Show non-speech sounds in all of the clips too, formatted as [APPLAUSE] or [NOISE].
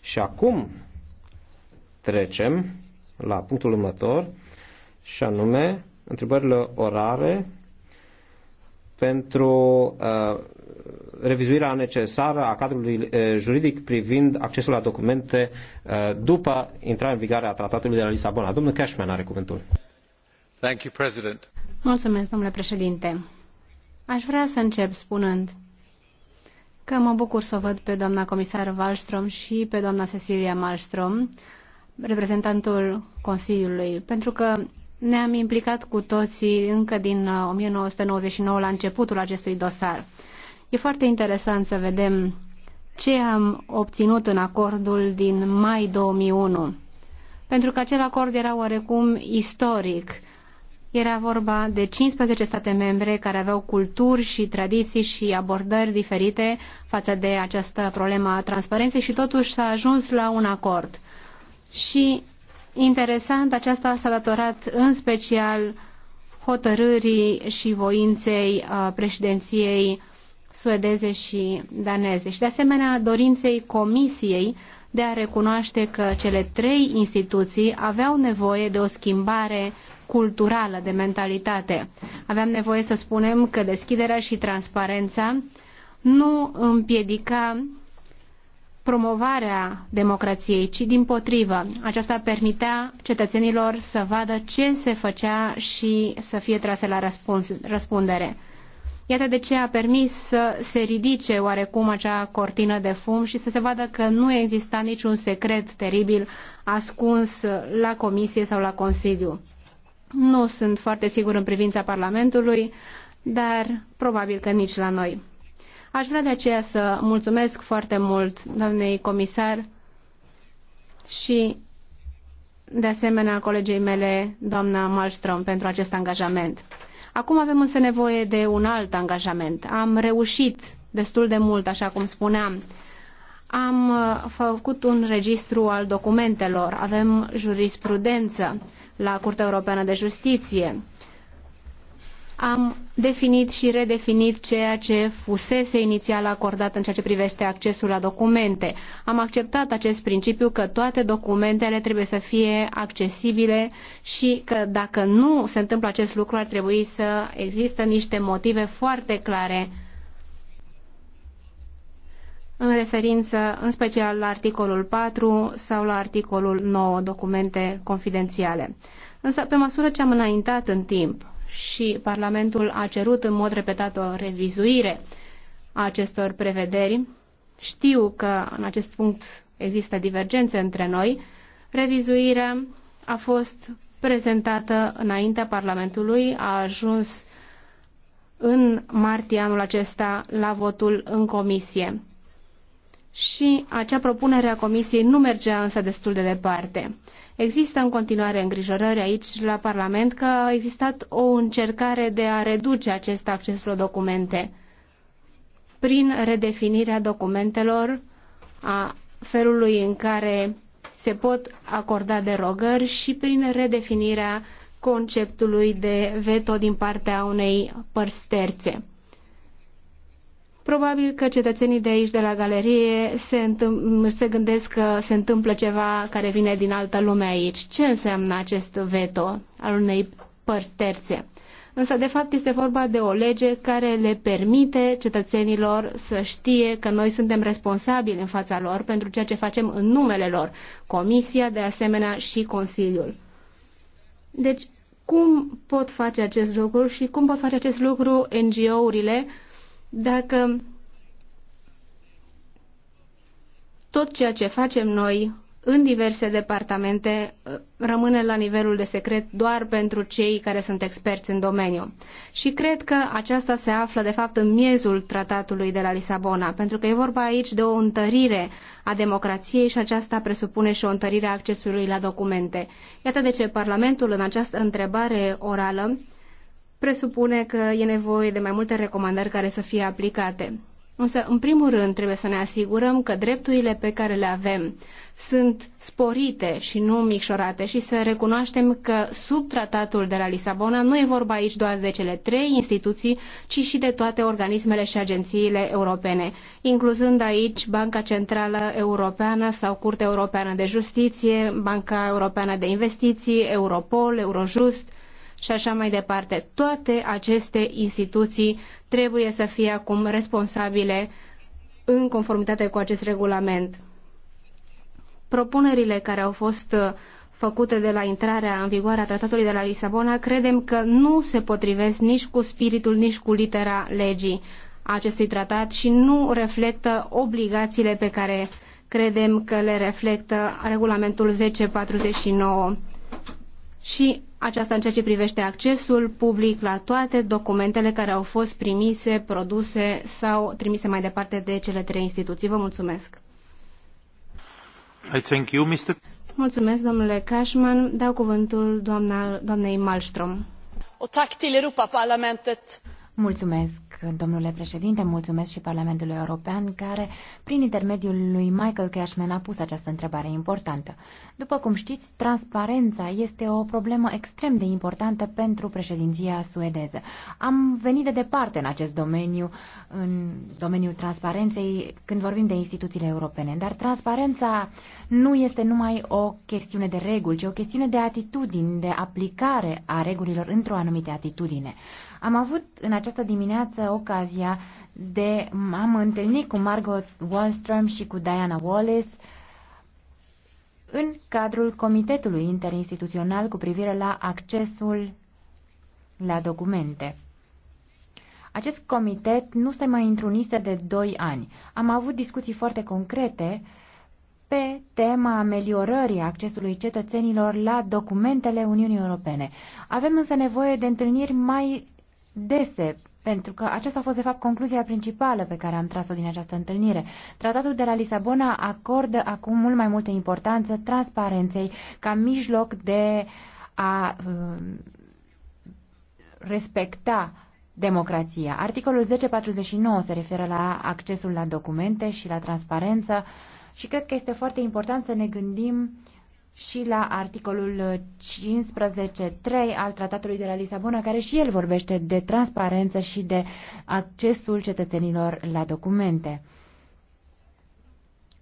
Și acum trecem la punctul următor, și anume întrebările orare pentru uh, revizuirea necesară a cadrului uh, juridic privind accesul la documente uh, după intrarea în vigoare a tratatului de la Lisabona. Domnul Cashman are cuvântul. Thank you, President. Mulțumesc, domnule președinte. Aș vrea să încep spunând că mă bucur să o văd pe doamna comisar Wallström și pe doamna Cecilia Malmström, reprezentantul Consiliului, pentru că ne-am implicat cu toții încă din 1999 uh, la începutul acestui dosar. E foarte interesant să vedem ce am obținut în acordul din mai 2001, pentru că acel acord era oarecum istoric era vorba de 15 state membre care aveau culturi și tradiții și abordări diferite față de această problemă a transparenței și totuși s-a ajuns la un acord. Și interesant, aceasta s-a datorat în special hotărârii și voinței uh, președinției suedeze și daneze și de asemenea dorinței comisiei de a recunoaște că cele trei instituții aveau nevoie de o schimbare culturală, de mentalitate. Aveam nevoie să spunem că deschiderea și transparența nu împiedica promovarea democrației, ci din potrivă. Aceasta permitea cetățenilor să vadă ce se făcea și să fie trase la răspuns, răspundere. Iată de ce a permis să se ridice oarecum acea cortină de fum și să se vadă că nu exista niciun secret teribil ascuns la comisie sau la Consiliu. Nu sunt foarte sigur în privința Parlamentului, dar probabil că nici la noi. Aș vrea de aceea să mulțumesc foarte mult doamnei comisar și de asemenea colegei mele, doamna Malmström, pentru acest angajament. Acum avem însă nevoie de un alt angajament. Am reușit destul de mult, așa cum spuneam. Am uh, făcut un registru al documentelor, avem jurisprudență, la Curtea Europeană de Justiție. Am definit și redefinit ceea ce fusese inițial acordat în ceea ce privește accesul la documente. Am acceptat acest principiu că toate documentele trebuie să fie accesibile și că dacă nu se întâmplă acest lucru ar trebui să existe niște motive foarte clare în referință în special la articolul 4 sau la articolul 9, documente confidențiale. Însă, pe măsură ce am înaintat în timp și Parlamentul a cerut în mod repetat o revizuire a acestor prevederi, știu că în acest punct există divergențe între noi, revizuirea a fost prezentată înaintea Parlamentului, a ajuns în martie anul acesta la votul în comisie și acea propunere a Comisiei nu mergea însă destul de departe. Există în continuare îngrijorări aici la Parlament că a existat o încercare de a reduce acest acces la documente prin redefinirea documentelor, a felului în care se pot acorda derogări și prin redefinirea conceptului de veto din partea unei părți terțe. Probabil că cetățenii de aici, de la galerie, se, se gândesc că se întâmplă ceva care vine din altă lume aici. Ce înseamnă acest veto al unei părți terțe? Însă, de fapt, este vorba de o lege care le permite cetățenilor să știe că noi suntem responsabili în fața lor pentru ceea ce facem în numele lor, Comisia, de asemenea, și Consiliul. Deci, cum pot face acest lucru și cum pot face acest lucru NGO-urile dacă tot ceea ce facem noi în diverse departamente uh, rămâne la nivelul de secret doar pentru cei care sunt experți în domeniu. Și cred că aceasta se află, de fapt, în miezul tratatului de la Lisabona, pentru că e vorba aici de o întărire a democrației și aceasta presupune și o întărire a accesului la documente. Iată de ce Parlamentul, în această întrebare orală, presupune că e nevoie de mai multe recomandări care să fie aplicate. Însă, în primul rând, trebuie să ne asigurăm că drepturile pe care le avem sunt sporite și nu micșorate și să recunoaștem că sub tratatul de la Lisabona nu e vorba aici doar de cele trei instituții, ci și de toate organismele și agențiile europene, incluzând aici Banca Centrală Europeană sau Curtea Europeană de Justiție, Banca Europeană de Investiții, Europol, Eurojust – și așa mai departe. Toate aceste instituții trebuie să fie acum responsabile în conformitate cu acest regulament. Propunerile care au fost uh, făcute de la intrarea în vigoare a Tratatului de la Lisabona credem că nu se potrivesc nici cu spiritul, nici cu litera legii acestui tratat și nu reflectă obligațiile pe care credem că le reflectă regulamentul 1049. Și aceasta în ceea ce privește accesul public la toate documentele care au fost primise, produse sau trimise mai departe de cele trei instituții. Vă mulțumesc! I thank you, Mr. Mulțumesc, domnule Cashman. Dau cuvântul doamna, doamnei Malmström. O tak till Europaparlamentet. Mulțumesc, domnule președinte, mulțumesc și Parlamentului European, care, prin intermediul lui Michael Cashman, a pus această întrebare importantă. După cum știți, transparența este o problemă extrem de importantă pentru președinția suedeză. Am venit de departe în acest domeniu, în domeniul transparenței, când vorbim de instituțiile europene, dar transparența nu este numai o chestiune de reguli, ci o chestiune de atitudini, de aplicare a regulilor într-o anumită atitudine. Am avut în această dimineață ocazia de a mă întâlni cu Margot Wallström și cu Diana Wallace în cadrul Comitetului Interinstituțional cu privire la accesul la documente. Acest comitet nu se mai întrunise de 2 ani. Am avut discuții foarte concrete pe tema ameliorării accesului cetățenilor la documentele Uniunii Europene. Avem însă nevoie de întâlniri mai dese, pentru că aceasta a fost, de fapt, concluzia principală pe care am tras-o din această întâlnire. Tratatul de la Lisabona acordă acum mult mai multă importanță transparenței ca mijloc de a uh, respecta democrația. Articolul 1049 se referă la accesul la documente și la transparență și cred că este foarte important să ne gândim uh, și la articolul 15.3 al Tratatului de la Lisabona, care și el vorbește de transparență și de accesul cetățenilor la documente.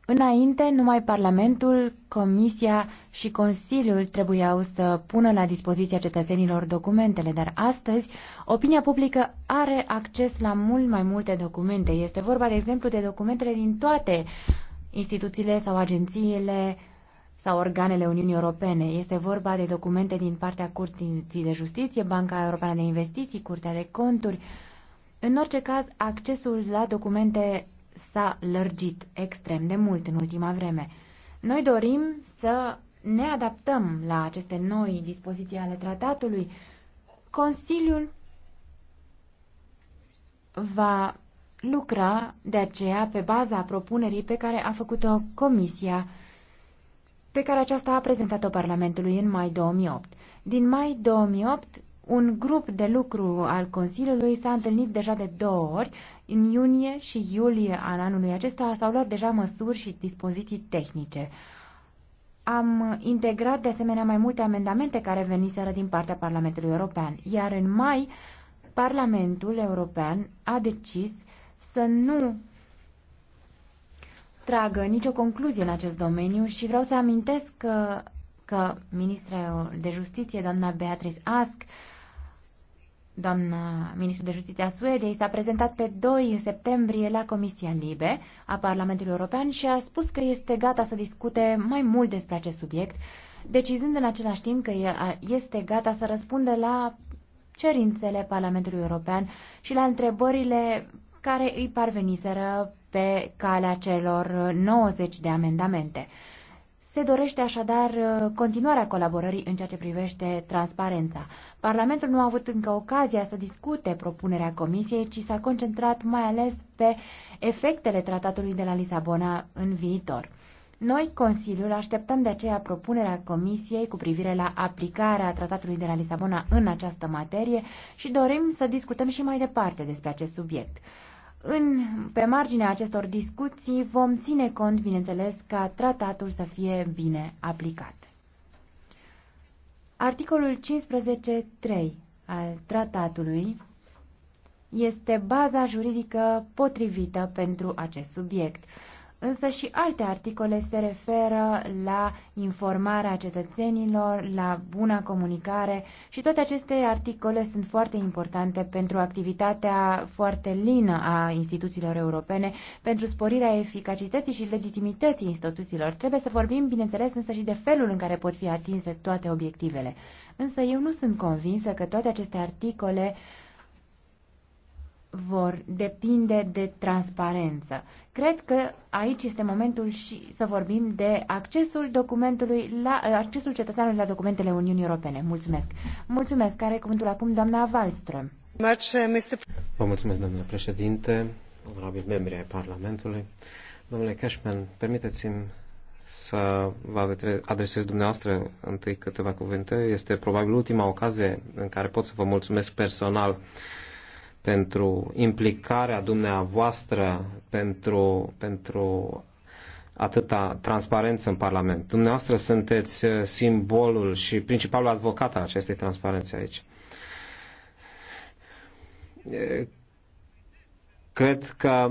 Înainte, numai Parlamentul, Comisia și Consiliul trebuiau să pună la dispoziția cetățenilor documentele, dar astăzi opinia publică are acces la mult mai multe documente. Este vorba, de exemplu, de documentele din toate instituțiile sau agențiile sau organele Uniunii Europene. Este vorba de documente din partea Curții de Justiție, Banca Europeană de Investiții, Curtea de Conturi. În orice caz, accesul la documente s-a lărgit extrem de mult în ultima vreme. Noi dorim să ne adaptăm la aceste noi dispoziții ale tratatului. Consiliul va lucra de aceea pe baza propunerii pe care a făcut-o Comisia pe care aceasta a prezentat-o Parlamentului în mai 2008. Din mai 2008, un grup de lucru al Consiliului s-a întâlnit deja de două ori. În iunie și iulie al anului acesta s-au luat deja măsuri și dispoziții tehnice. Am integrat de asemenea mai multe amendamente care veniseră din partea Parlamentului European, iar în mai Parlamentul European a decis să nu tragă nicio concluzie în acest domeniu și vreau să amintesc că, că ministra de justiție, doamna Beatrice Ask, doamna ministru de justiție a Suediei, s-a prezentat pe 2 septembrie la Comisia Libe a Parlamentului European și a spus că este gata să discute mai mult despre acest subiect, decizând în același timp că este gata să răspundă la cerințele Parlamentului European și la întrebările care îi parveniseră pe calea celor 90 de amendamente. Se dorește așadar uh, continuarea colaborării în ceea ce privește transparența. Parlamentul nu a avut încă ocazia să discute propunerea Comisiei, ci s-a concentrat mai ales pe efectele tratatului de la Lisabona în viitor. Noi, Consiliul, așteptăm de aceea propunerea Comisiei cu privire la aplicarea Tratatului de la Lisabona în această materie și dorim să discutăm și mai departe despre acest subiect. În, pe marginea acestor discuții vom ține cont, bineînțeles, ca tratatul să fie bine aplicat. Articolul 15.3 al tratatului este baza juridică potrivită pentru acest subiect. Însă și alte articole se referă la informarea cetățenilor, la buna comunicare și toate aceste articole sunt foarte importante pentru activitatea foarte lină a instituțiilor europene, pentru sporirea eficacității și legitimității instituțiilor. Trebuie să vorbim, bineînțeles, însă și de felul în care pot fi atinse toate obiectivele. Însă eu nu sunt convinsă că toate aceste articole uh, vor depinde de transparență. Cred că aici este momentul și să vorbim de accesul documentului la accesul cetățeanului la documentele Uniunii Europene. Mulțumesc. Mulțumesc. Care cuvântul acum doamna Wallström. Uh, vă mulțumesc, domnule președinte, onorabil membri ai Parlamentului. Domnule Cashman, permiteți-mi să vă adresez dumneavoastră întâi câteva cuvinte. Este probabil ultima ocazie în care pot să vă mulțumesc personal uh, pentru implicarea dumneavoastră, pentru, pentru atâta transparență în Parlament. Dumneavoastră sunteți simbolul și principalul advocat al acestei transparențe aici. Cred că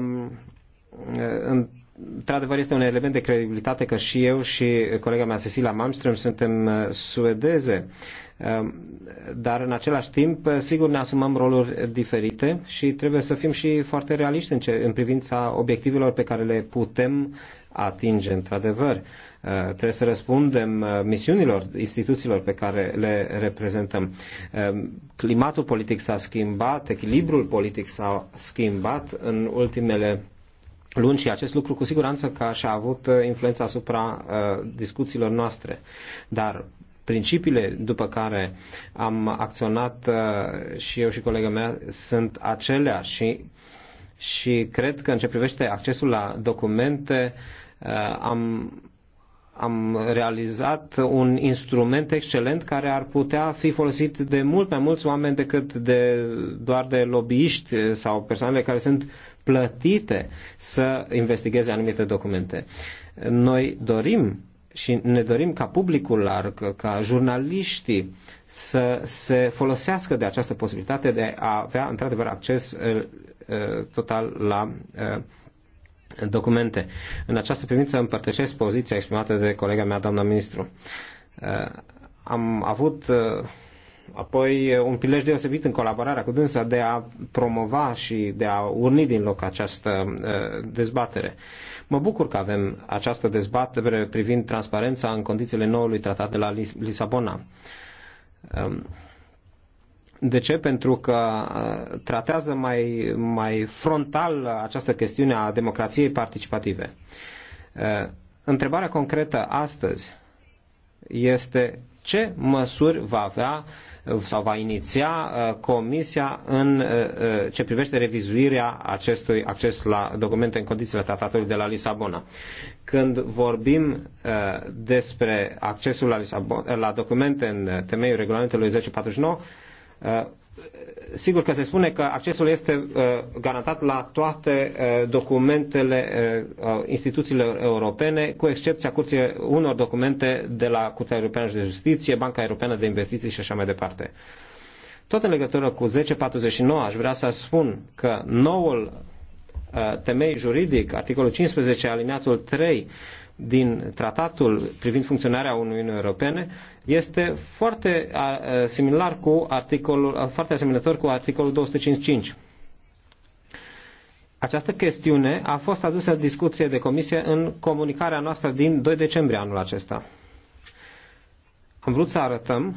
în Într-adevăr, este un element de credibilitate că și eu și colega mea, Cecilia Malmström, suntem uh, suedeze. Um, dar, în același timp, uh, sigur, ne asumăm roluri diferite și trebuie să fim și foarte realiști în, ce, în privința obiectivelor pe care le putem atinge, într-adevăr. Uh, trebuie să răspundem misiunilor instituțiilor pe care le reprezentăm. Um, climatul politic s-a schimbat, echilibrul politic s-a schimbat în ultimele luni și acest lucru cu siguranță că și-a avut uh, influența asupra uh, discuțiilor noastre. Dar principiile după care am acționat uh, și eu și colega mea sunt acelea și, și cred că în ce privește accesul la documente uh, am am realizat un instrument excelent care ar putea fi folosit de mult mai mulți oameni decât de doar de lobbyiști sau persoanele care sunt plătite să investigheze anumite documente. Noi dorim și ne dorim ca publicul larg, ca jurnaliștii să se folosească de această posibilitate de a avea într-adevăr acces uh, uh, total la uh, documente. În această privință împărtășesc poziția exprimată de colega mea, doamna ministru. Am avut apoi un prilej deosebit în colaborarea cu dânsa de a promova și de a urni din loc această dezbatere. Mă bucur că avem această dezbatere privind transparența în condițiile noului tratat de la Lisabona. De ce? Pentru că tratează mai, mai frontal această chestiune a democrației participative. Întrebarea concretă astăzi este ce măsuri va avea sau va iniția uh, Comisia în uh, uh, ce privește revizuirea acestui acces la documente în condițiile tratatului de la Lisabona. Când vorbim despre accesul la, Lisabon, la documente în temeiul regulamentului 1049, sigur că se spune că accesul este uh, garantat la toate uh, documentele uh, instituțiilor europene, cu excepția curții unor documente de la Curtea Europeană de Justiție, Banca Europeană de Investiții și așa mai departe. Tot în legătură cu 1049 aș vrea să spun că noul temei juridic, articolul 15 alineatul 3, din tratatul privind funcționarea Uniunii Europene este foarte similar cu articolul, foarte asemănător cu articolul 255. Această chestiune a fost adusă discuție de comisie în comunicarea noastră din 2 decembrie anul acesta. Am vrut să arătăm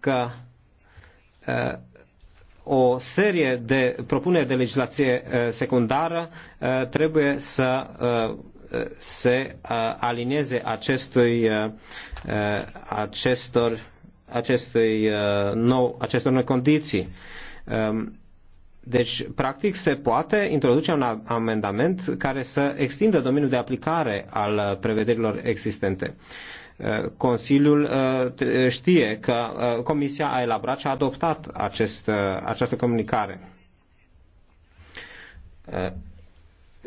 că uh, o serie de propuneri de legislație uh, secundară uh, trebuie să uh, se uh, alinieze acestui, uh, uh, acestor, acestui nou, acestor noi condiții. Um, deci, practic, se poate introduce un amendament care să extindă domeniul de aplicare al prevederilor existente. Consiliul știe că Comisia a elaborat și a adoptat acest, această comunicare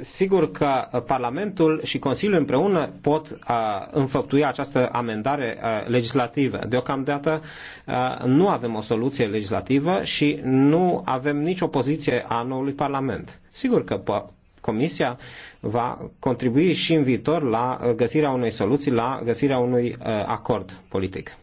Sigur că Parlamentul și Consiliul împreună pot a, uh, înfăptui această amendare a, uh, legislativă. Deocamdată a, uh, nu avem o soluție legislativă și nu avem nicio poziție a noului Parlament. Sigur că Comisia va contribui și în viitor la găsirea unei soluții, la găsirea unui acord politic.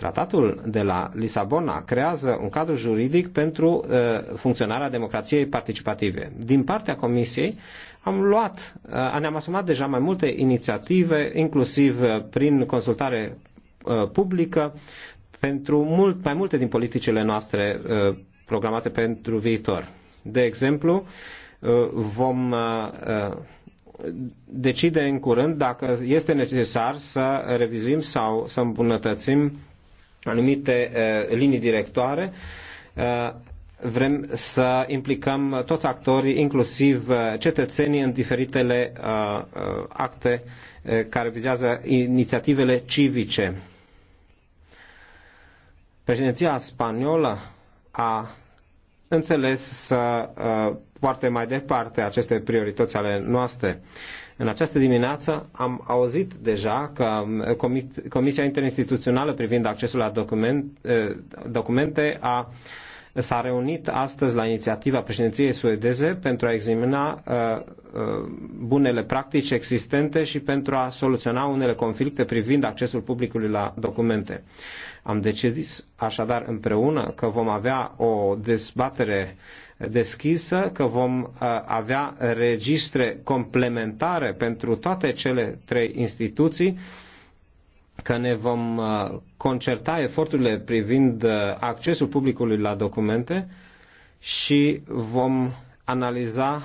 Tratatul de la Lisabona creează un cadru juridic pentru uh, funcționarea democrației participative. Din partea Comisiei am luat, uh, ne-am asumat deja mai multe inițiative, inclusiv uh, prin consultare uh, publică, pentru mult mai multe din politicile noastre uh, programate pentru viitor. De exemplu, uh, vom uh, uh decide în curând dacă este necesar să revizim sau să îmbunătățim anumite linii directoare. Vrem să implicăm toți actorii, inclusiv cetățenii, în diferitele acte care vizează inițiativele civice. Președinția spaniolă a înțeles să poarte mai departe aceste priorități ale noastre. În această dimineață am auzit deja că uh, Comisia Interinstituțională privind accesul la document, uh, documente a s-a reunit astăzi la inițiativa președinției suedeze pentru a examina uh, uh, bunele practici existente și pentru a soluționa unele conflicte privind accesul publicului la documente. Am decis așadar împreună că vom avea o dezbatere deschisă, că vom uh, avea registre complementare pentru toate cele trei instituții, că ne vom uh, concerta eforturile privind uh, accesul publicului la documente și vom analiza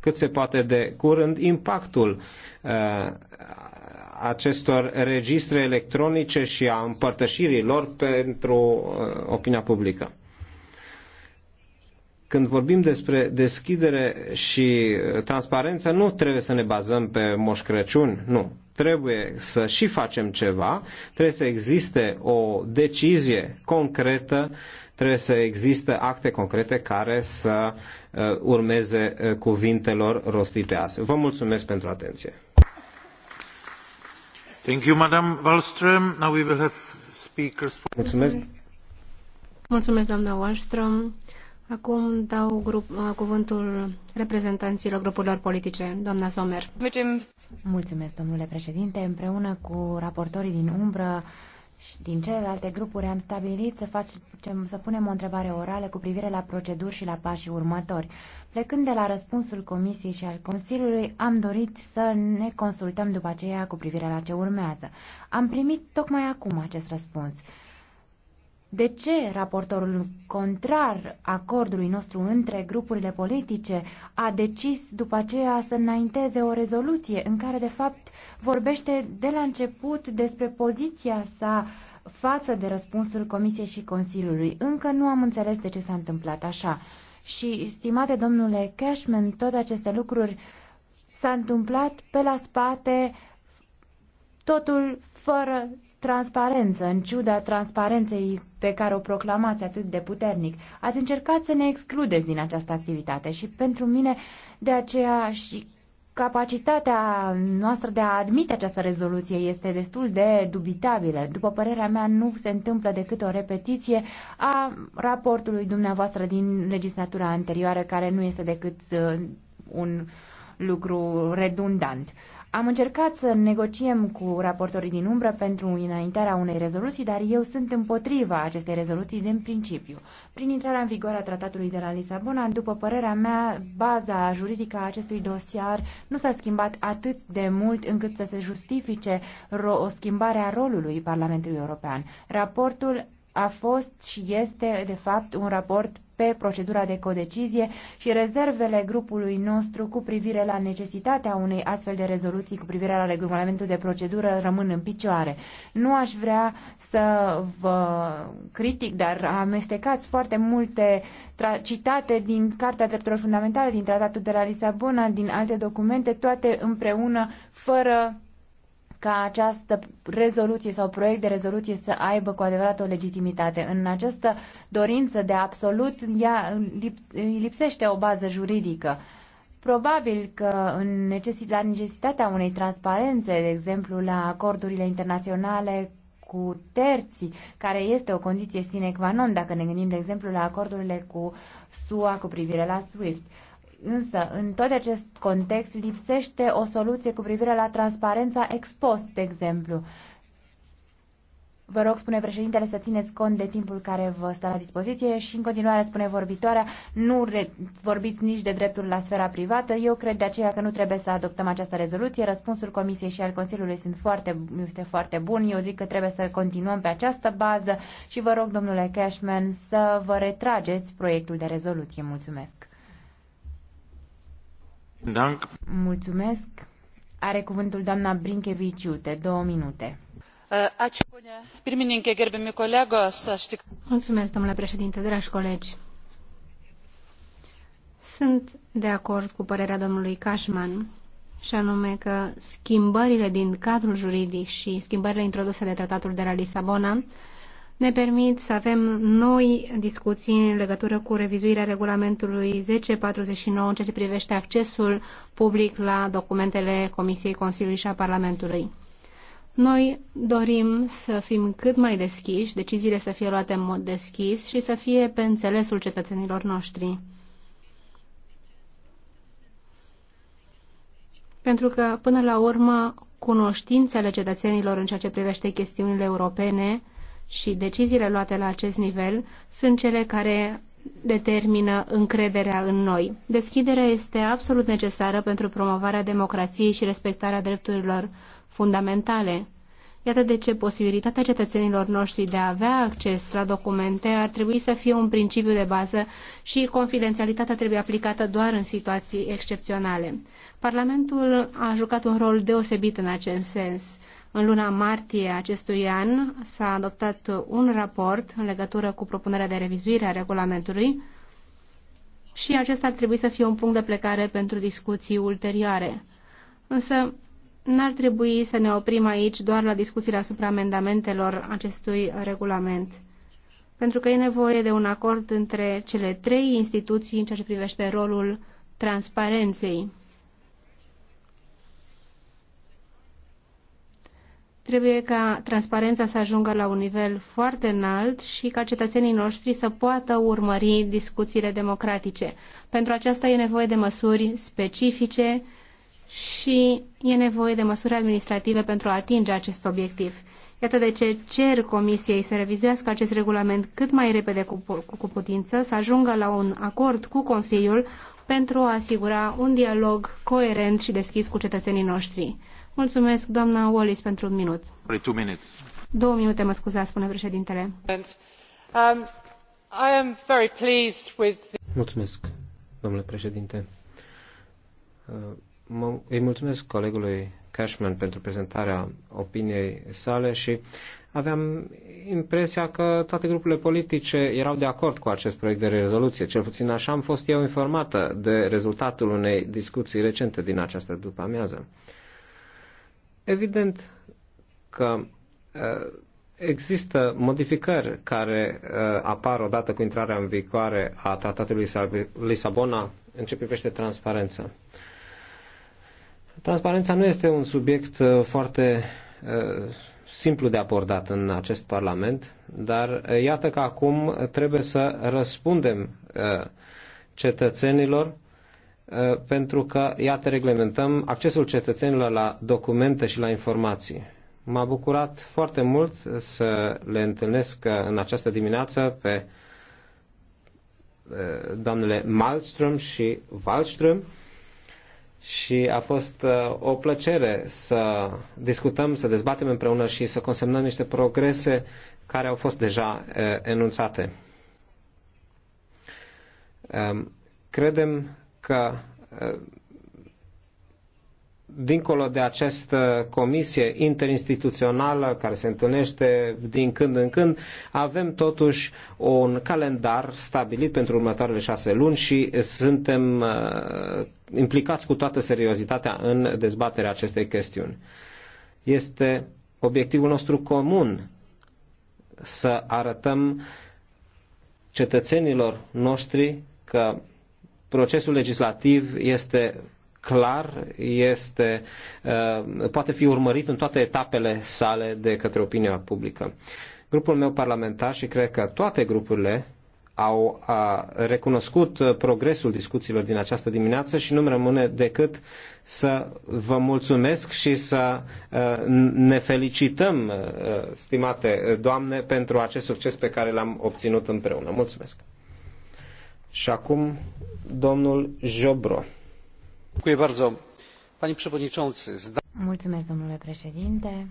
cât se poate de curând impactul acestor registre electronice și a împărtășirii lor pentru opinia publică. Când vorbim despre deschidere și uh, transparență, nu trebuie să ne bazăm pe Moș Crăciun, nu. Trebuie să și facem ceva, trebuie să existe o decizie concretă, trebuie să existe acte concrete care să uh, urmeze uh, cuvintelor rostite azi. Vă mulțumesc pentru atenție. Thank you, Madam Wallström. Now we will have speakers. Mulțumesc. Mulțumesc, doamna Wallström. Acum dau grup, uh, cuvântul reprezentanților grupurilor politice. Doamna Somer. Mulțumesc, domnule președinte. Împreună cu raportorii din umbră și din celelalte grupuri am stabilit să, facem, să punem o întrebare orală cu privire la proceduri și la pașii următori. Plecând de la răspunsul Comisiei și al Consiliului, am dorit să ne consultăm după aceea cu privire la ce urmează. Am primit tocmai acum acest răspuns. De ce raportorul contrar acordului nostru între grupurile politice a decis după aceea să înainteze o rezoluție în care de fapt vorbește de la început despre poziția sa față de răspunsul Comisiei și Consiliului? Încă nu am înțeles de ce s-a întâmplat așa. Și, stimate domnule Cashman, toate aceste lucruri s-a întâmplat pe la spate, totul fără transparență, în ciuda transparenței pe care o proclamați atât de puternic. Ați încercat să ne excludeți din această activitate și pentru mine de aceea și capacitatea noastră de a admite această rezoluție este destul de dubitabilă. După părerea mea, nu se întâmplă decât o repetiție a raportului dumneavoastră din legislatura anterioară, care nu este decât uh, un lucru redundant. Am încercat să negociem cu raportorii din umbră pentru înaintarea unei rezoluții, dar eu sunt împotriva acestei rezoluții din principiu. Prin intrarea în vigoare a tratatului de la Lisabona, după părerea mea, baza juridică a acestui dosiar nu s-a schimbat atât de mult încât să se justifice o schimbare a rolului Parlamentului European. Raportul a fost și este, de fapt, un raport pe procedura de codecizie și rezervele grupului nostru cu privire la necesitatea unei astfel de rezoluții cu privire la regulamentul de procedură rămân în picioare. Nu aș vrea să vă critic, dar amestecați foarte multe citate din Cartea Drepturilor Fundamentale, din Tratatul de la Lisabona, din alte documente, toate împreună, fără ca această rezoluție sau proiect de rezoluție să aibă cu adevărat o legitimitate. În această dorință de absolut, ea lipsește o bază juridică. Probabil că în necesit- la necesitatea unei transparențe, de exemplu, la acordurile internaționale cu terții, care este o condiție sine qua non, dacă ne gândim, de exemplu, la acordurile cu SUA cu privire la SWIFT. Însă, în tot acest context, lipsește o soluție cu privire la transparența ex post, de exemplu. Vă rog, spune președintele, să țineți cont de timpul care vă stă la dispoziție și în continuare spune vorbitoarea, nu vorbiți nici de dreptul la sfera privată. Eu cred de aceea că nu trebuie să adoptăm această rezoluție. Răspunsul Comisiei și al Consiliului sunt foarte, este foarte bun. Eu zic că trebuie să continuăm pe această bază și vă rog, domnule Cashman, să vă retrageți proiectul de rezoluție. Mulțumesc. Dank. Mulțumesc. Are cuvântul doamna Brinkeviciute, două minute. Ă, Mulțumesc, domnule președinte, dragi colegi. Sunt de acord cu părerea domnului Cashman și anume că schimbările din cadrul juridic și schimbările introduse de tratatul de la Lisabona ne permit să avem noi discuții în legătură cu revizuirea regulamentului 1049 în ceea ce privește accesul public la documentele Comisiei Consiliului și a Parlamentului. Noi dorim să fim cât mai deschiși, deciziile să fie luate în mod deschis și să fie pe înțelesul cetățenilor noștri. Pentru că, până la urmă, cunoștințele cetățenilor în ceea ce privește chestiunile europene și deciziile luate la acest nivel sunt cele care determină încrederea în noi. Deschiderea este absolut necesară pentru promovarea democrației și respectarea drepturilor fundamentale. Iată de ce posibilitatea cetățenilor noștri de a avea acces la documente ar trebui să fie un principiu de bază și confidențialitatea trebuie aplicată doar în situații excepționale. Parlamentul a jucat un rol deosebit în acest sens în luna martie acestui an s-a adoptat un raport în legătură cu propunerea de revizuire a regulamentului și acesta ar trebui să fie un punct de plecare pentru discuții ulterioare. Însă n-ar trebui să ne oprim aici doar la discuțiile asupra amendamentelor acestui regulament pentru că e nevoie de un acord între cele trei instituții în ceea ce privește rolul transparenței. Trebuie ca transparența să ajungă la un nivel foarte înalt și ca cetățenii noștri să poată urmări discuțiile democratice. Pentru aceasta e nevoie de măsuri specifice și e nevoie de măsuri administrative pentru a atinge acest obiectiv. Iată de ce cer Comisiei să revizuiască acest regulament cât mai repede cu, cu, cu putință, să ajungă la un acord cu Consiliul pentru a asigura un dialog coerent și deschis cu cetățenii noștri. Mulțumesc, doamna Wallis, pentru un minut. Două minute, mă scuzați, spune președintele. Um, mulțumesc, domnule președinte. Uh, mă, îi mulțumesc colegului Cashman pentru prezentarea opiniei sale și aveam impresia că toate grupurile politice erau de acord cu acest proiect de rezoluție. Cel puțin așa am fost eu informată de rezultatul unei discuții recente din această după amiază. Uh, Evident că uh, există modificări care uh, apar odată cu intrarea în vigoare a Tratatului Lisabona în ce privește transparența. Transparența nu este un subiect uh, foarte simplu de abordat în acest Parlament, dar iată că acum trebuie să răspundem cetățenilor Uh, pentru că, iată, reglementăm accesul cetățenilor la documente și la informații. M-a bucurat foarte mult să le întâlnesc uh, în această dimineață pe uh, doamnele Malmström și Wallström și a fost o plăcere să discutăm, să dezbatem împreună și să consemnăm niște progrese care au fost deja enunțate. Um, credem că dincolo de această comisie interinstituțională care se întâlnește din când în când, avem totuși un calendar stabilit pentru următoarele șase luni și suntem implicați cu toată seriozitatea în dezbaterea acestei chestiuni. Este obiectivul nostru comun să arătăm cetățenilor noștri că Procesul legislativ este clar, este, uh, poate fi urmărit în toate etapele sale de către opinia publică. Grupul meu parlamentar și cred că toate grupurile au a, recunoscut uh, progresul discuțiilor din această dimineață și nu-mi rămâne decât să vă mulțumesc și să a, uh, ne felicităm, a, stimate doamne, pentru acest succes pe care l-am obținut împreună. Mulțumesc! Și acum domnul Jobro. Mulțumesc, domnule președinte.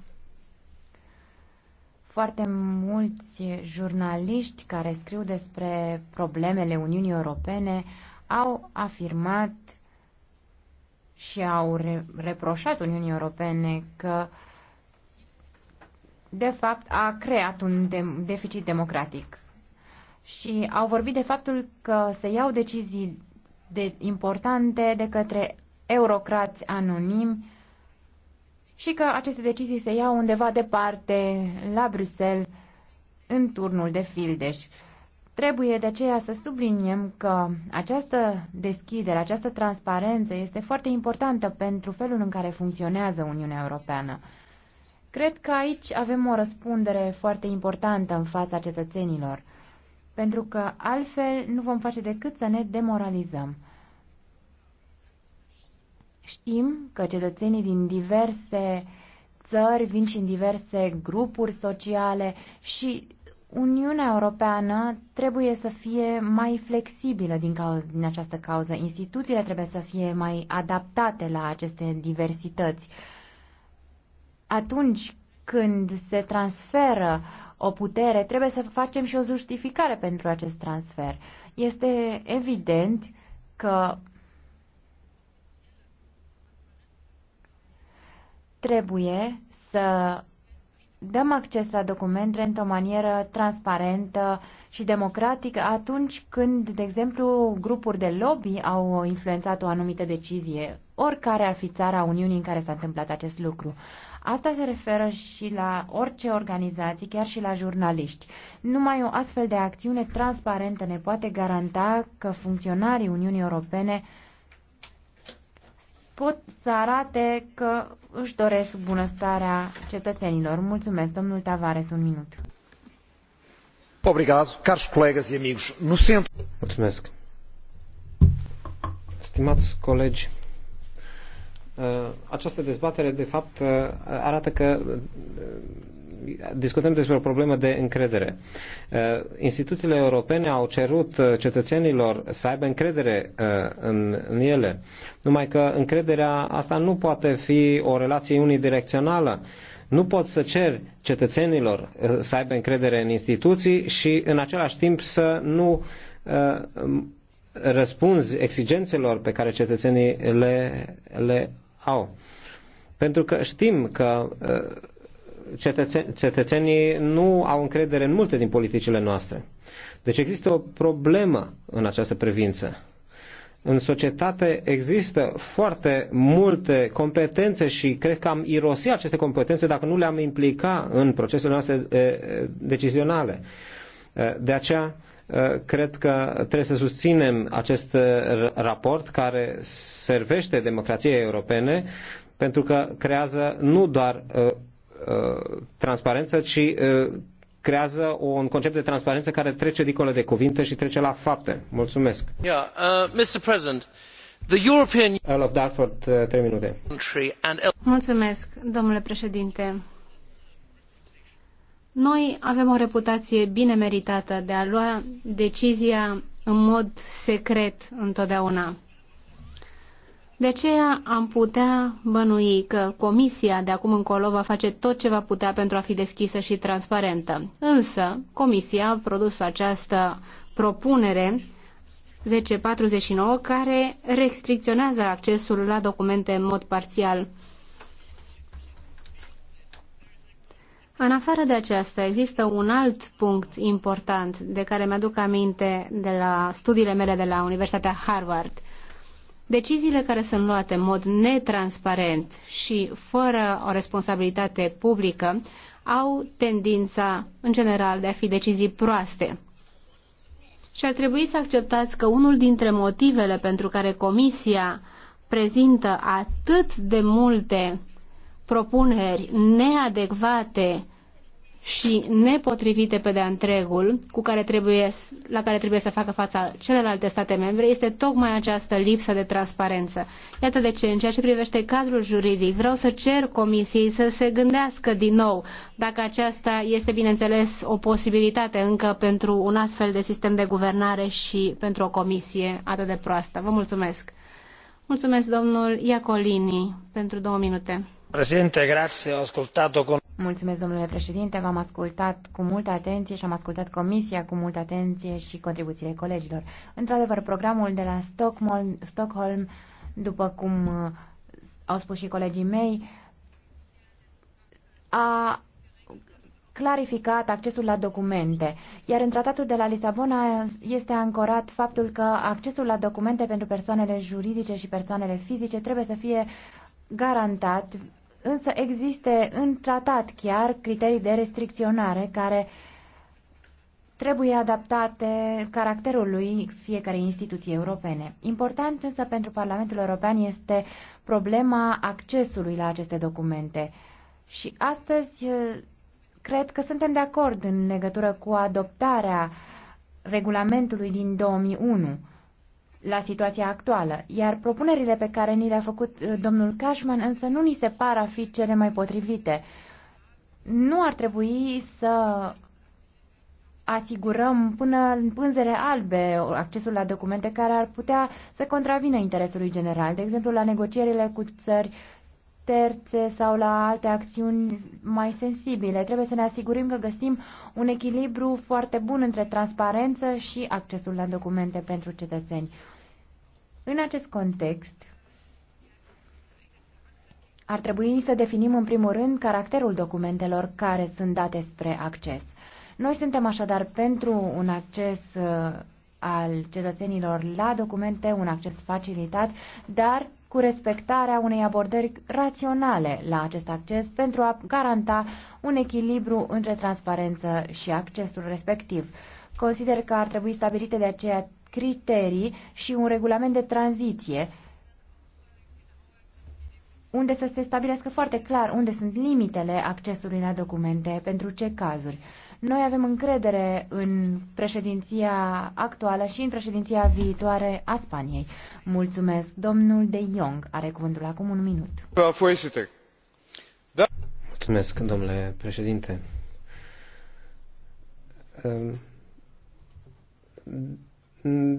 Foarte mulți jurnaliști care scriu despre problemele Uniunii Europene au afirmat și au re- reproșat Uniunii Europene că de fapt a creat un de- deficit democratic și au vorbit de faptul că se iau decizii de importante de către eurocrați anonimi și că aceste decizii se iau undeva departe, la Bruxelles, în turnul de Fildeș. Trebuie de aceea să subliniem că această deschidere, această transparență este foarte importantă pentru felul în care funcționează Uniunea Europeană. Cred că aici avem o răspundere foarte importantă în fața cetățenilor pentru că altfel nu vom face decât să ne demoralizăm. Știm că cetățenii din diverse țări vin și în diverse grupuri sociale și Uniunea Europeană trebuie să fie mai flexibilă din, cauza, din această cauză. Instituțiile trebuie să fie mai adaptate la aceste diversități. Atunci când se transferă o putere, trebuie să facem și o justificare pentru acest transfer. Este evident că trebuie să dăm acces la documente într-o manieră transparentă și democratică atunci când, de exemplu, grupuri de lobby au influențat o anumită decizie, oricare ar fi țara Uniunii în care s-a întâmplat acest lucru. Asta se referă și la orice organizație, chiar și la jurnaliști. Numai o astfel de acțiune transparentă ne poate garanta că funcționarii Uniunii Europene pot să arate că își doresc bunăstarea cetățenilor. Mulțumesc, domnul Tavares, un minut. Obrigado, caros colegas e amigos. No centro. Mulțumesc. Stimați colegi, Uh, această dezbatere, de fapt, uh, arată că uh, discutăm despre o problemă de încredere. Instituțiile europene au cerut cetățenilor să aibă încredere în, în ele, numai că încrederea asta nu poate fi o relație unidirecțională. Nu poți să ceri cetățenilor să aibă încredere în instituții și în același timp să nu răspunzi exigențelor pe care cetățenii le, le au. Pentru că știm că uh, cetățenii nu au încredere în multe din politicile noastre. Deci există o problemă în această privință. În societate există foarte multe competențe și cred că am irosi aceste competențe dacă nu le-am implica în procesele noastre eh, eh, decizionale. Eh, de aceea, cred că trebuie să susținem acest raport care servește democrației europene pentru că creează nu doar uh, uh, transparență, ci uh, creează un concept de transparență care trece dincolo de cuvinte și trece la fapte. Mulțumesc. Yeah, uh, Mr. President, the European... Earl of Dartford, 3 minute. Mulțumesc, domnule președinte. Noi avem o reputație bine meritată de a lua decizia în mod secret întotdeauna. De aceea am putea bănui că Comisia de acum încolo va face tot ce va putea pentru a fi deschisă și transparentă. Însă, Comisia a produs această propunere 1049 care restricționează accesul la documente în mod parțial. În afară de aceasta, există un alt punct important de care mi-aduc aminte de la studiile mele de la Universitatea Harvard. Deciziile care sunt luate în mod netransparent și fără o responsabilitate publică au tendința, în general, de a fi decizii proaste. Și ar trebui să acceptați că unul dintre motivele pentru care Comisia prezintă atât de multe propuneri neadecvate și nepotrivite pe de-a întregul cu care trebuie, la care trebuie să facă fața celelalte state membre este tocmai această lipsă de transparență. Iată de ce, în ceea ce privește cadrul juridic, vreau să cer Comisiei să se gândească din nou dacă aceasta este, bineînțeles, o posibilitate încă pentru un astfel de sistem de guvernare și pentru o comisie atât de proastă. Vă mulțumesc! Mulțumesc, domnul Iacolini, pentru două minute. Mulțumesc, v-am ascultat cu multă atenție și am ascultat comisia cu multă atenție și contribuțiile colegilor. Într-adevăr, programul de la Stockholm, Stockholm, după cum uh, au spus și colegii mei, a clarificat accesul la documente, iar în tratatul de la Lisabona este ancorat faptul că accesul la documente pentru persoanele juridice și persoanele fizice trebuie să fie garantat însă există în tratat chiar criterii de restricționare care trebuie adaptate caracterului fiecarei instituții europene. Important însă pentru Parlamentul European este problema accesului la aceste documente. Și astăzi eh, cred că suntem de acord în legătură cu adoptarea regulamentului din 2001 la situația actuală, iar propunerile pe care ni le-a făcut uh, domnul Cashman însă nu ni se par a fi cele mai potrivite. Nu ar trebui să asigurăm până în pânzere albe accesul la documente care ar putea să contravină interesului general, de exemplu la negocierile cu țări terțe sau la alte acțiuni mai sensibile. Trebuie să ne asigurim că găsim un echilibru foarte bun între transparență și accesul la documente pentru cetățeni. În acest context, ar trebui să definim în primul rând caracterul documentelor care sunt date spre acces. Noi suntem așadar pentru un acces uh, al cetățenilor la documente, un acces facilitat, dar cu respectarea unei abordări raționale la acest acces pentru a garanta un echilibru între transparență și accesul respectiv. Consider că ar trebui stabilite de aceea criterii și un regulament de tranziție unde să se stabilească foarte clar unde sunt limitele accesului la documente pentru ce cazuri. Noi avem încredere în președinția actuală și în președinția viitoare a Spaniei. Mulțumesc. Domnul De Jong are cuvântul acum un minut. Da. Mulțumesc, domnule președinte. Ehm,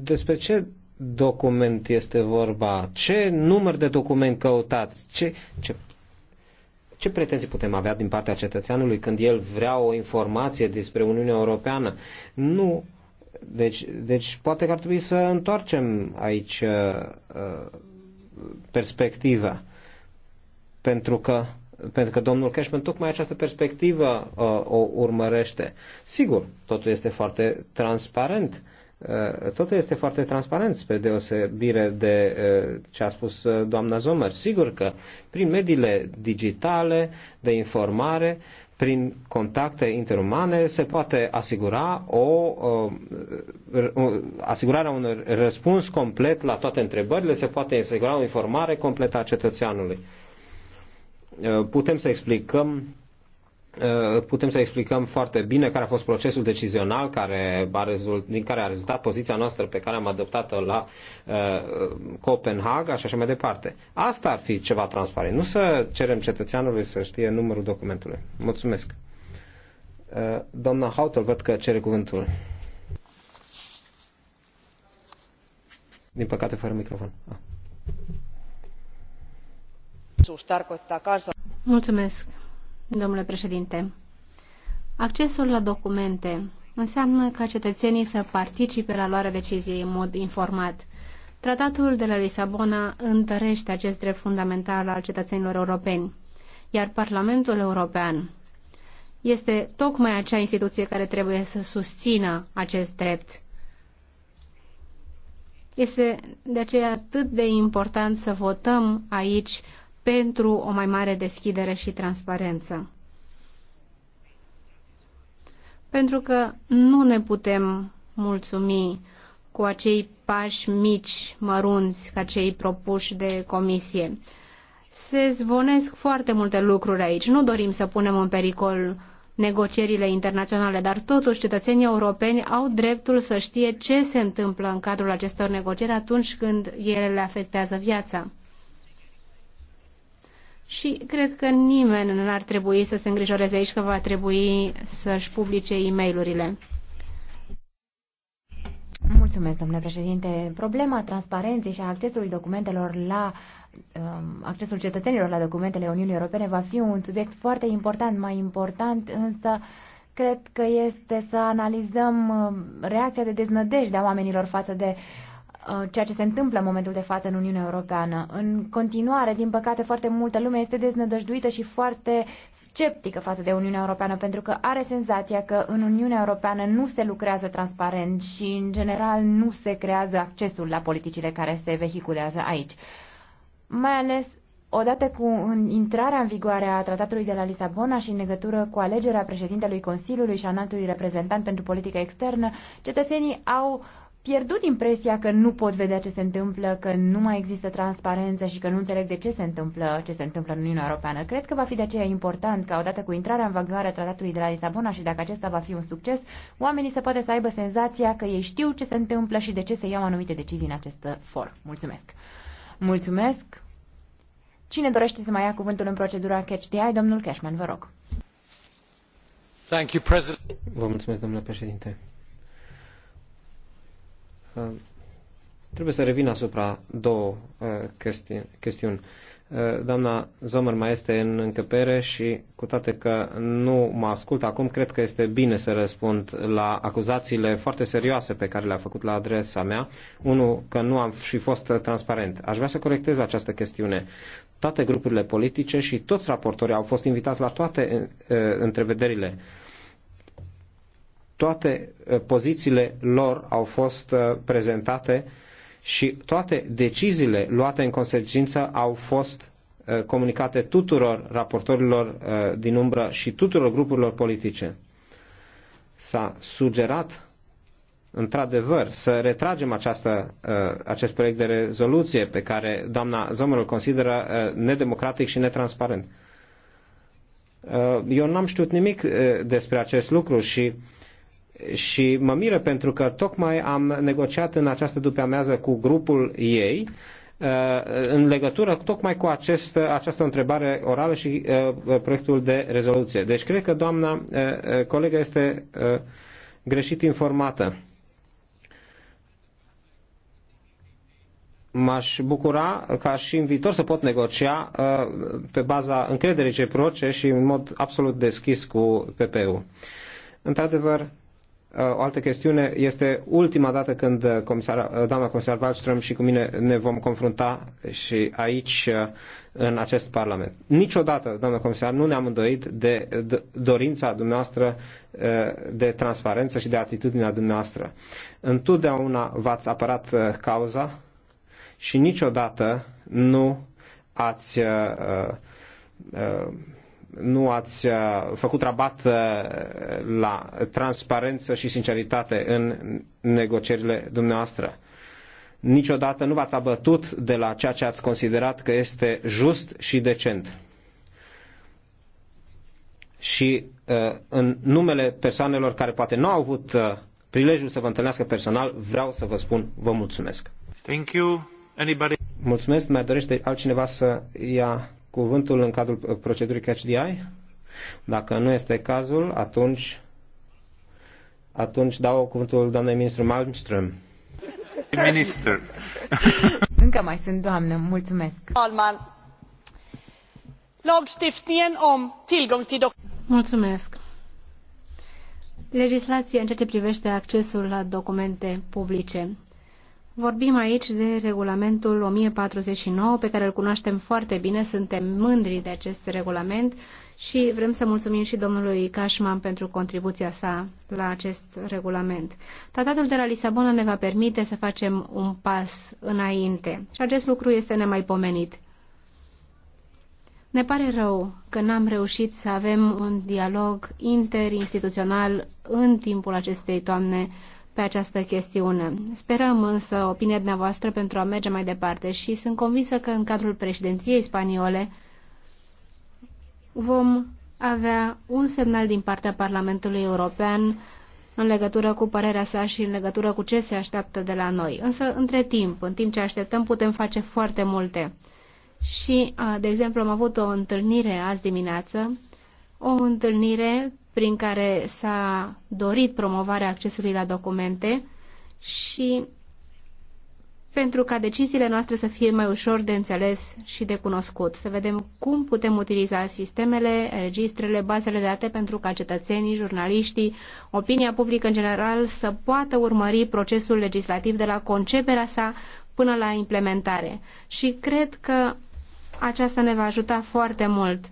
despre ce document este vorba? Ce număr de document căutați? Ce, ce ce pretenții putem avea din partea cetățeanului când el vrea o informație despre Uniunea Europeană? Nu. Deci, deci poate că ar trebui să întoarcem aici uh, uh perspectiva. Pentru că, pentru că domnul Cashman tocmai această perspectivă uh, o urmărește. Sigur, totul este foarte transparent. Uh, Eh, totul este foarte transparent, spre deosebire de eh, ce a spus eh, doamna Zomer. Sigur că prin mediile digitale de informare, prin contacte interumane, se poate asigura o, asigurarea unui răspuns complet la toate întrebările, se poate asigura o informare completă a cetățeanului. Putem să explicăm Eh, putem să explicăm foarte bine care a fost procesul decizional care a rezult, din care a rezultat poziția noastră pe care am adoptat-o la uh, Copenhaga și așa mai departe. Asta ar fi ceva transparent. Nu să cerem cetățeanului să știe numărul documentului. Mulțumesc. Uh, doamna Hautel, văd că cere cuvântul. Din păcate, fără microfon. Ah. Mulțumesc. Domnule președinte, accesul la documente înseamnă ca cetățenii să participe la luarea deciziei în mod informat. Tratatul de la Lisabona întărește acest drept fundamental al cetățenilor europeni, iar Parlamentul European este tocmai acea instituție care trebuie să susțină acest drept. Este de aceea atât de important să votăm aici pentru o mai mare deschidere și transparență. Pentru că nu ne putem mulțumi cu acei pași mici, mărunți, ca cei propuși de comisie. Se zvonesc foarte multe lucruri aici. Nu dorim să punem în pericol negocierile internaționale, dar totuși cetățenii europeni au dreptul să știe ce se întâmplă în cadrul acestor negocieri atunci când ele le afectează viața și cred că nimeni nu ar trebui să se îngrijoreze aici că va trebui să-și publice e mail Mulțumesc, domnule președinte. Problema transparenței și a accesului documentelor la um, accesul cetățenilor la documentele Uniunii Europene va fi un subiect foarte important, mai important însă cred că este să analizăm um, reacția de deznădejde a oamenilor față de uh, Uh, ceea ce se întâmplă în momentul de față în Uniunea Europeană. În continuare, din păcate, foarte multă lume este deznădăjduită și foarte sceptică față de Uniunea Europeană, pentru că are senzația că în Uniunea Europeană nu se lucrează transparent și, în general, nu se creează accesul la politicile care se vehiculează aici. Mai ales odată cu intrarea în vigoare a tratatului de la Lisabona și în legătură cu alegerea președintelui Consiliului și a înaltului reprezentant pentru politică externă, cetățenii au pierdut impresia că nu pot vedea ce se întâmplă, că nu mai există transparență și că nu înțeleg de ce se întâmplă ce se întâmplă în Uniunea Europeană. Cred că va fi de aceea important ca odată cu intrarea în vagoare a tratatului de la Lisabona și dacă acesta va fi un succes, oamenii să poată să aibă senzația că ei știu ce se întâmplă și de ce se iau anumite decizii în acest for. Mulțumesc! Mulțumesc! Cine dorește să mai ia cuvântul în procedura Catch the Eye? Domnul Cashman, vă rog. Thank you, President. Vă mulțumesc, domnule președinte. Uh, trebuie să revin asupra două uh, chesti- chestiuni. Uh, doamna Zomer mai este în încăpere și cu toate că nu mă ascultă acum, cred că este bine să răspund la acuzațiile foarte serioase pe care le-a făcut la adresa mea. Unul, că nu am și fost transparent. Aș vrea să corectez această chestiune. Toate grupurile politice și toți raportorii au fost invitați la toate uh, întrevederile uh, toate uh, pozițiile lor au fost uh, prezentate și toate deciziile luate în consecință au fost uh, comunicate tuturor raportorilor din umbră și tuturor grupurilor politice. S-a sugerat, într-adevăr, să retragem această, acest proiect de rezoluție pe care doamna Zomer îl consideră nedemocratic și netransparent. Eu n-am știut nimic despre acest lucru și uh, și mă miră pentru că tocmai am negociat în această după-amiază cu grupul ei uh, în legătură tocmai cu acest, uh, această întrebare orală și uh, proiectul de rezoluție. Deci cred că doamna colegă este greșit informată. m-aș bucura ca și în viitor să pot negocia pe baza încrederii ce proce și în mod absolut deschis cu PPU. Într-adevăr, o altă chestiune este ultima dată când comisar, doamna comisar Wallström și cu mine ne vom confrunta și aici în acest Parlament. Niciodată, doamna comisar, nu ne-am îndoit de dorința dumneavoastră eh, de transparență și de atitudinea dumneavoastră. Întotdeauna v-ați apărat eh, cauza și niciodată nu ați uh, uh, nu ați uh, făcut rabat uh, la transparență și sinceritate în negocierile dumneavoastră. Niciodată nu v-ați abătut de la ceea ce ați considerat că este just și decent. Și uh, în numele persoanelor care poate nu au avut prilejul să vă întâlnească personal, vreau să vă spun vă mulțumesc. Thank you. Anybody? Mulțumesc. Mai dorește altcineva să ia cuvântul în cadrul procedurii Catch the Eye? Dacă nu este cazul, atunci, atunci dau cuvântul doamnei ministru Malmström. Minister. [LAUGHS] Încă mai sunt doamnă, mulțumesc. Alman. Lagstiftningen om tillgång till Mulțumesc. Legislația în ceea ce privește accesul la documente publice Vorbim aici de regulamentul 1049, pe care îl cunoaștem foarte bine, suntem mândri de acest regulament și vrem să mulțumim și domnului Cashman pentru contribuția sa la acest regulament. Tratatul de la Lisabona ne va permite să facem un pas înainte și acest lucru este nemaipomenit. Ne pare rău că n-am reușit să avem un dialog interinstituțional în timpul acestei toamne pe această chestiune. Sperăm însă opinia dumneavoastră pentru a merge mai departe și sunt convinsă că în cadrul președinției spaniole vom avea un semnal din partea Parlamentului European în legătură cu părerea sa și în legătură cu ce se așteaptă de la noi. Însă, între timp, în timp ce așteptăm, putem face foarte multe. Și, de exemplu, am avut o întâlnire azi dimineață, o întâlnire prin care s-a dorit promovarea accesului la documente și pentru ca deciziile noastre să fie mai ușor de înțeles și de cunoscut. Să vedem cum putem utiliza sistemele, registrele, bazele de date pentru ca cetățenii, jurnaliștii, opinia publică în general să poată urmări procesul legislativ de la conceperea sa până la implementare. Și cred că aceasta ne va ajuta foarte mult.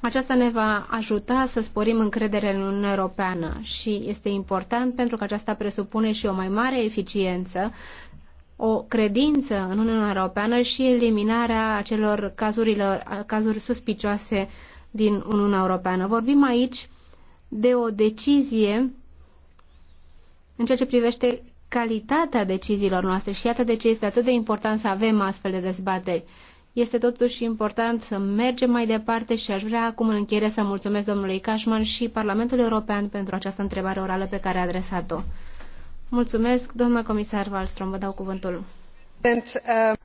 Aceasta ne va ajuta să sporim încrederea în Uniunea Europeană și este important pentru că aceasta presupune și o mai mare eficiență, o credință în Uniunea Europeană și eliminarea acelor cazurilor, cazuri suspicioase din Uniunea Europeană. Vorbim aici de o decizie în ceea ce privește calitatea deciziilor noastre și iată de ce este atât de important să avem astfel de dezbateri. Este totuși important să mergem mai departe și aș vrea acum în încheiere să mulțumesc domnului Cashman și Parlamentul European pentru această întrebare orală pe care a adresat-o. Mulțumesc, doamna comisar Wallström, vă dau cuvântul.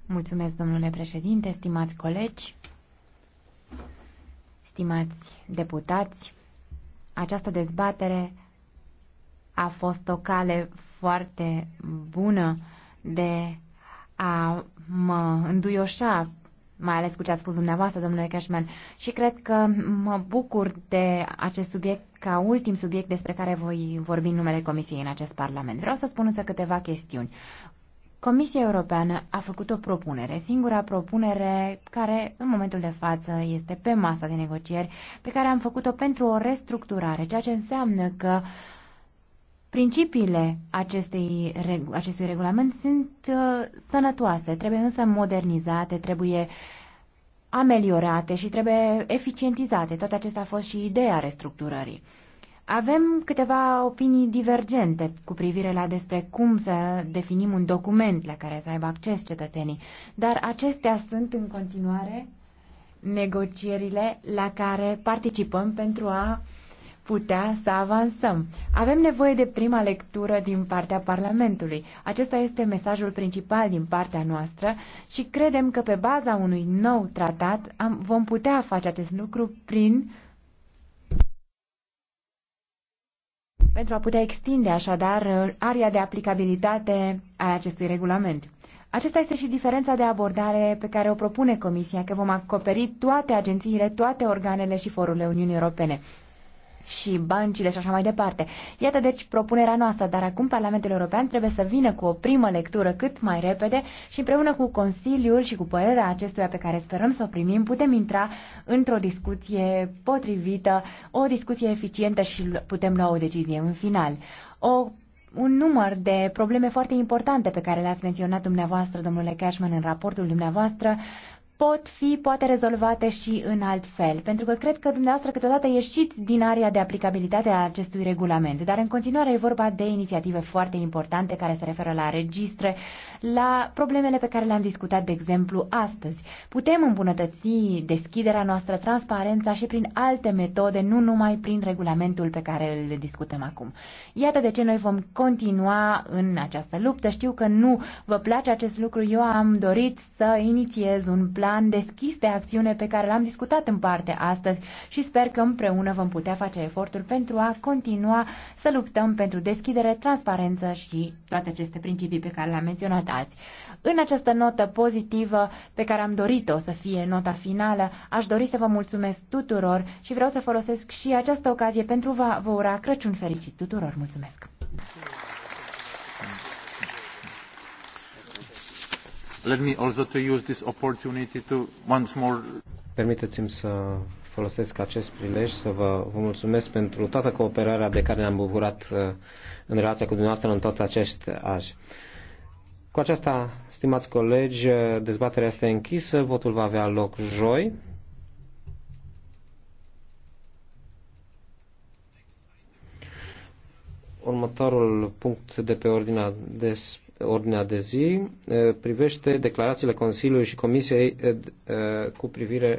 Mulțumesc, domnule președinte, stimați colegi, stimați deputați. Această dezbatere a fost o cale foarte bună de a mă înduioșa mai ales cu ce a spus dumneavoastră, domnule Cashman. Și cred că mă bucur de acest subiect ca ultim subiect despre care voi vorbi în numele Comisiei în acest Parlament. Vreau să spun însă câteva chestiuni. Comisia Europeană a făcut o propunere, singura propunere care în momentul de față este pe masa de negocieri, pe care am făcut-o pentru o restructurare, ceea ce înseamnă că uh, Principiile acestei, acestui regulament sunt uh, sănătoase, trebuie însă modernizate, trebuie ameliorate și trebuie eficientizate. Tot acesta a fost și ideea restructurării. Avem câteva opinii divergente cu privire la despre cum să definim un document la care să aibă acces cetățenii, dar acestea sunt în continuare negocierile la care participăm pentru a putea să avansăm. Avem nevoie de prima lectură din partea Parlamentului. Acesta este mesajul principal din partea noastră și credem că pe baza unui nou tratat am, vom putea face acest lucru prin pentru a putea extinde așadar aria de aplicabilitate a acestui regulament. Acesta este și diferența de abordare pe care o propune Comisia, că vom acoperi toate agențiile, toate organele și forurile Uniunii Europene și băncile și așa mai departe. Iată deci propunerea noastră, dar acum Parlamentul European trebuie să vină cu o primă lectură cât mai repede și împreună cu Consiliul și cu părerea acestuia pe care sperăm să o primim, putem intra într-o discuție potrivită, o discuție eficientă și putem lua o decizie în final. O un număr de probleme foarte importante pe care le-ați menționat dumneavoastră, domnule Cashman, în raportul dumneavoastră, pot fi poate rezolvate și în alt fel, pentru că cred că dumneavoastră câteodată ieșiți din area de aplicabilitate a acestui regulament, dar în continuare e vorba de inițiative foarte importante care se referă la registre, la problemele pe care le-am discutat, de exemplu, astăzi. Putem îmbunătăți deschiderea noastră, transparența și prin alte metode, nu numai prin regulamentul pe care îl discutăm acum. Iată de ce noi vom continua în această luptă. Știu că nu vă place acest lucru, eu am dorit să inițiez un plan plan deschis de acțiune pe care l-am discutat în parte astăzi și sper că împreună vom putea face efortul pentru a continua să luptăm pentru deschidere, transparență și toate aceste principii pe care le-am menționat azi. În această notă pozitivă pe care am dorit-o să fie nota finală, aș dori să vă mulțumesc tuturor și vreau să folosesc și această ocazie pentru a vă ura Crăciun fericit tuturor. Mulțumesc! Thank you. Permiteți-mi să folosesc acest prilej să vă, vă mulțumesc pentru toată cooperarea de care ne-am bucurat uh, în relația cu dumneavoastră în tot acest aș. Cu aceasta, stimați colegi, uh, dezbaterea este închisă, votul va avea loc joi. Următorul punct de pe ordinea de ordinea de zi eh, privește declarațiile Consiliului și Comisiei eh, eh, cu privire